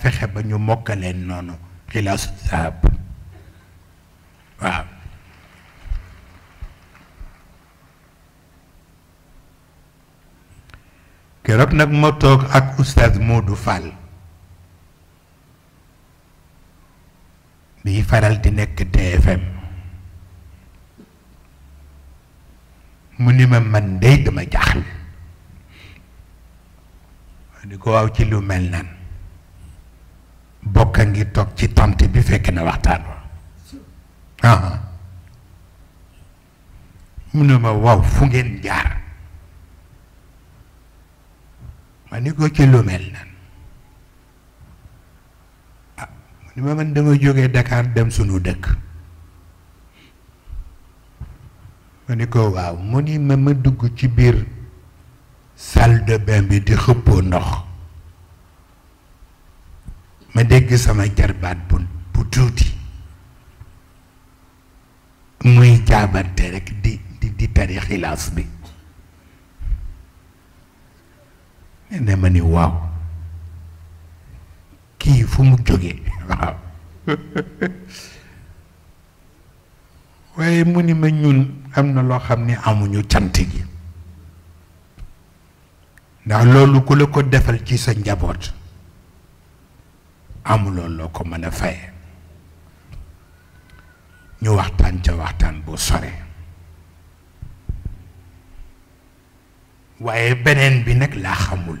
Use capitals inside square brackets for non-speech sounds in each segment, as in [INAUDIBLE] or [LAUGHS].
fexe ba ñu mokkaleen noonu xilaasu zahab waaw keroog nag ma toog ak oustaz Modou Fall bi faral di nekk TFM mu ni ma man dey dama jaaxle di ko waaw ci lu mel nan bokk a ngi toog ci tant bi fekk na waxtaan wa ah. mu ne ma waaw fu ngeen jaar ma ni ko ci lu mel ah mu ne ma man dama jóge dakaar dem sunu dëkk ma ni ko waaw mu ni ma ma dugg ci biir salle de bain bi di xëppoo ndox ma dégg sama jarbaat bu bu tuuti muy jaabante rek di di tari xilaas bi ne na ma ni waaw kii fu mu jógee [LAUGHS] waaye mu ni ma ñun am na loo xam ni amuñu cant gi ndax loolu ku la ko defal ci sa njaboot amuloo loo ko mën a faye ñu waxtaan ca waxtaan bu sore waaye beneen bi nag laa xamul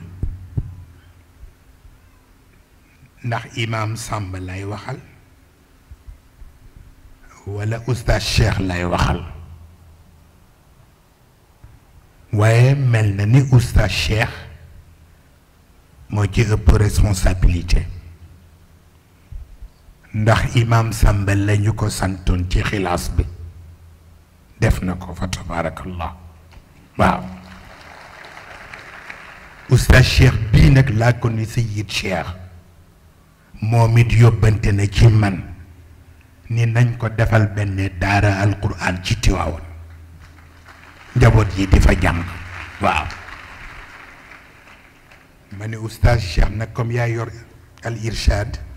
ndax imaam sàmba lay waxal walla oustaz Cheikh lay waxal waaye mel na ni oustaz Cheikh moo ci ëpp responsabilité ndax imaam Samba lañu ko santoon ci xilaas bi def na ko fa tabaarakallah waaw oustaz Cheikh bii nag laa ko ni Seyid Cheikh moom it yóbbante na ci man ni nañ ko defal benn daara alquran ci Tiwaawan njaboot yi di fa jàng waaw ma ne oustaz Cheikh nag comme yaa yor al irshad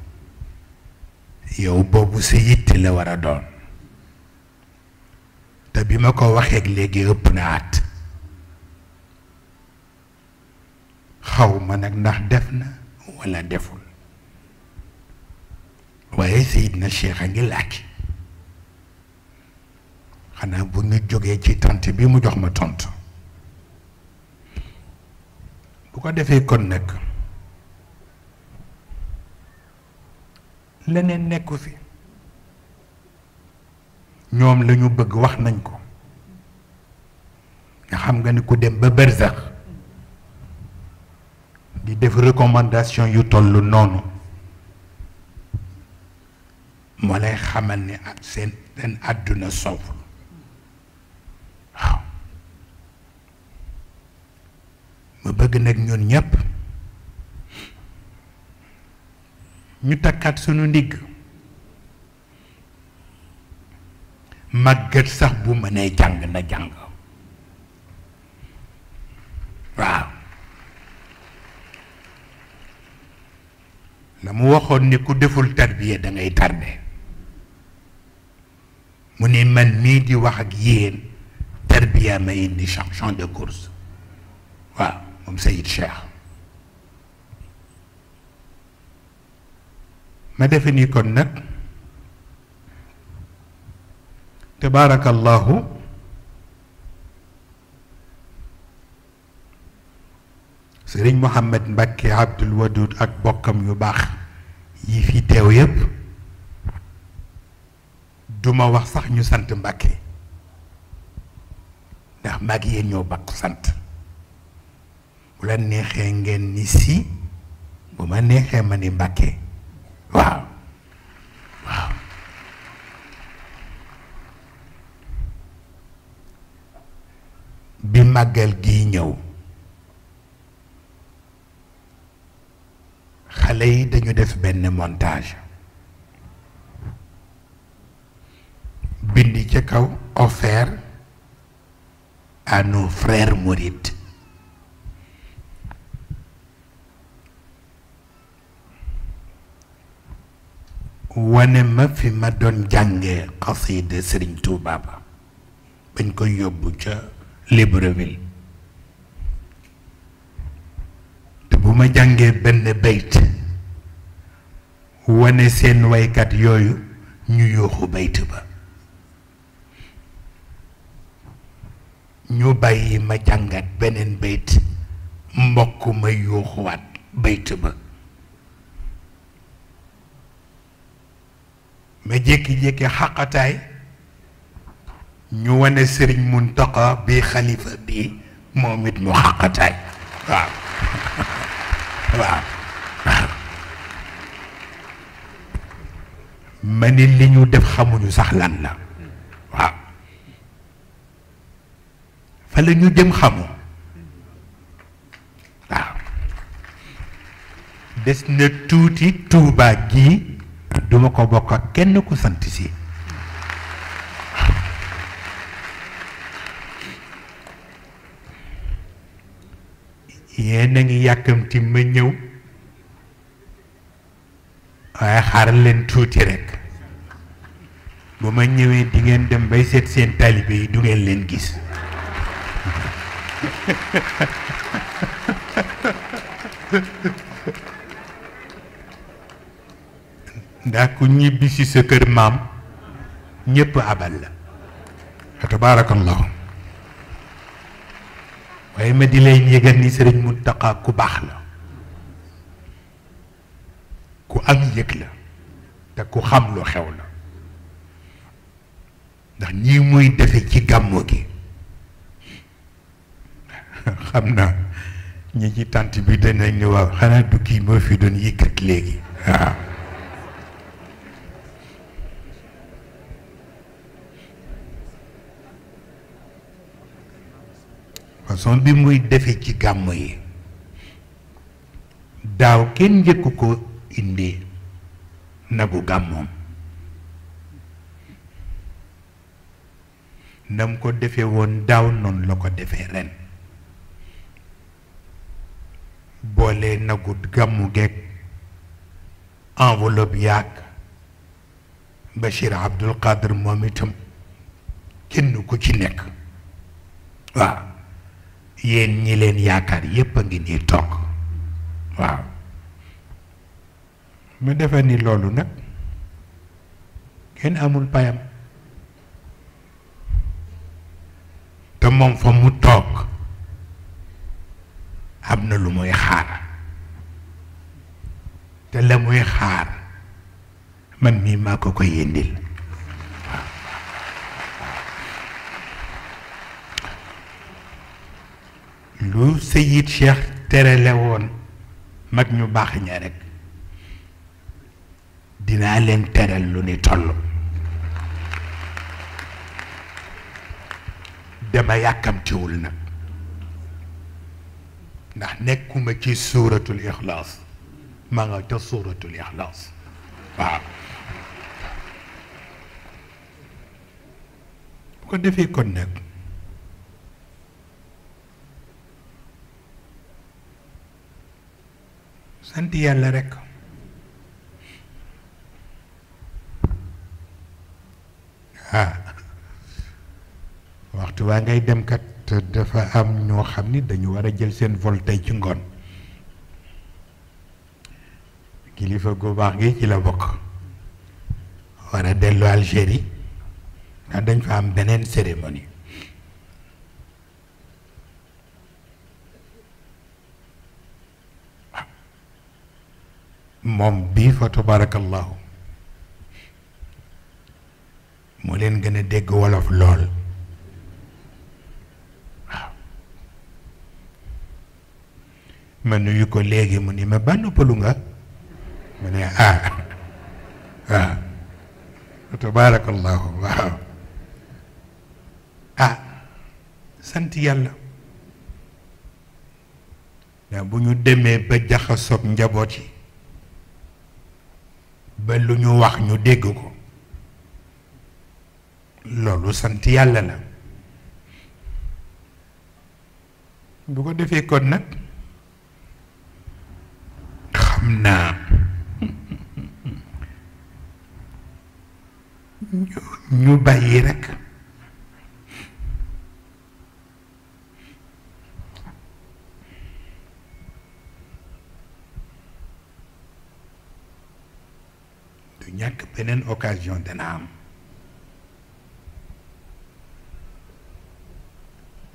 yow boobu sa yitte la war a doon te bi ma ko waxeeg léegi ëpp na at xaw ma nag ndax def na walla deful waaye na Cheikh a ngi laaj xanaa bu ñu jógee ci tant bi mu jox ma tontu bu ko defee kon nag leneen nekku ci ñoom lañu bëgg wax nañ ko nga xam nga ni ku dem ba bërsax di def recommandation yu toll noonu moo lay xamal ni seen seen àdduna soofu waaw ma bëgg nag ñun ñépp ñu takkaat sunu ndigg màggat sax bu mënee jàng na jàng waaw la mu waxoon ni ku deful tarbiya dangay tarbe mu ne man mii di wax ak yéen tarbiya ma indi champion de course waaw moom Sayid Cheikh ma defe ni kon nag tabaarakallaahu sëriñ Mouhamed Mbacke Abdoul Wadoud ak bokkam yu baax yi fi teew yépp duma wax sax ñu sant Mbacke ndax mag yéen ñoo bakk sant bu la neexee ngeen ni si bu ma neexee ma ni Mbacke waaw waaw bi màggal gi ñëw xale yi dañu def benn montage bind ca kaw offert à nos frères mourides wane ma fi ma doon jànge xasida Serigne Touba ba bañ ko yóbbu ca Libreville te bu ma jàngee benn bayt wane seen waykat yooyu ñu yuuxu bayt ba ñu bàyyi ma jàngat beneen bayt mbokk ma yuuxuwaat bayt ba ma jékki-jékki xaqataay ñu wane sëriñ toq bi xalifa bi moom it mu xaqataay waaw waaw ma ni li ñu def xamuñu sax lan la waaw fa ñu jëm xamu waaw des na tuuti tuubaat gi duma ko bokk ak kenn ku sant si yéen a ngi yàkkamti ma ñëw waaye xaar leen tuuti rekk bu ma ñëwee di ngeen dem bay seet seen taalibe yi du ngeen leen gis [LAUGHS] ndax ku ñibbi si sa kër maam ñépp abal la wa tabaarakallahu waaye ma di lay yëgal ni sëriñ Muntaqa ku baax la ku am yëg la te ku xam lu xew la ndax ñi muy defe ci gàmmu gi xam naa ñi ci tànt bi danañ ni waaw xanaa du kii moo fi doon yëkkat léegi façon bi muy defe ci gàmm yi daaw kenn njëkk ko indi nagu gàmmoom nam ko defe woon daaw noonu la ko defe ren boole nagu gàmmu geeg enveloppe yaag Bachir Abdul Qadir moom itam kenn ku ci nekk waaw yéen ñi leen yaakaar yépp a ngi nii toog waaw mu defe ni loolu nag kenn amul payam te moom fa mu toog am na lu muy xaar te la muy xaar man mii maa ko ko yëndil lu Seyid Cheikh terele woon mag ñu baax ña rek dinaa leen terel lu ni toll dama yàkkamtiwul nag ndax nekkuma ci suuratu ixlaas ma nga ca suuratul ixlaas waaw bu ko defee kon nag sant yàlla rekk ah waxtu waa ngay demkat kat dafa am ñoo xam ni dañu war a jël seen vol tey ci ngoon kilifa gu baax gi ci la bokk war a dellu Algérie ndax ah, dañ fa am beneen cérémonie moom bii fa tabarakallahu moo leen gën a dégg wolof lool waaw ma nuyu ko léegi mu ni ma ba noppalu nga ma ne ah waaw ah, ah, fa waaw ah sant yàlla ndax bu ñu demee ba jaxasoog njaboot yi ba lu ñu wax ñu dégg ko loolu sant yàlla la bu ko defee kon nag xam naa [LAUGHS] ñu bàyyi rekk occasion dana am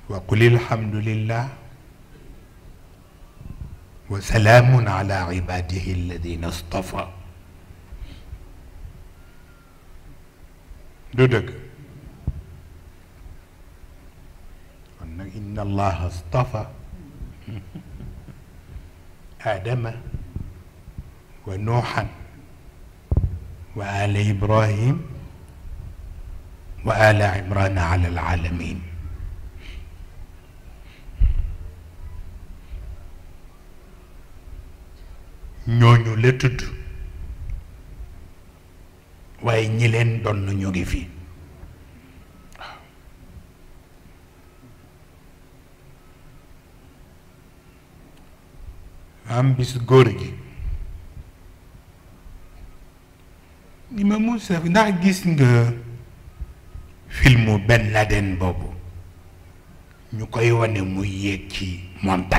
wa qul alhamdulillah wa salaamun ala ibadihi alladina istafa du dëgg kon nag inna allaha istafa aadama [LAUGHS] wa nuuxan wa ala ibrahim wa ala imrana ala alaalamin ñooñu la tudd waaye ñi leen doon ñu ngi fi am bis góor gi Imam Moussa ndax gis nga filmu benn Laden boobu ñu koy wane muy yéeg ci montagne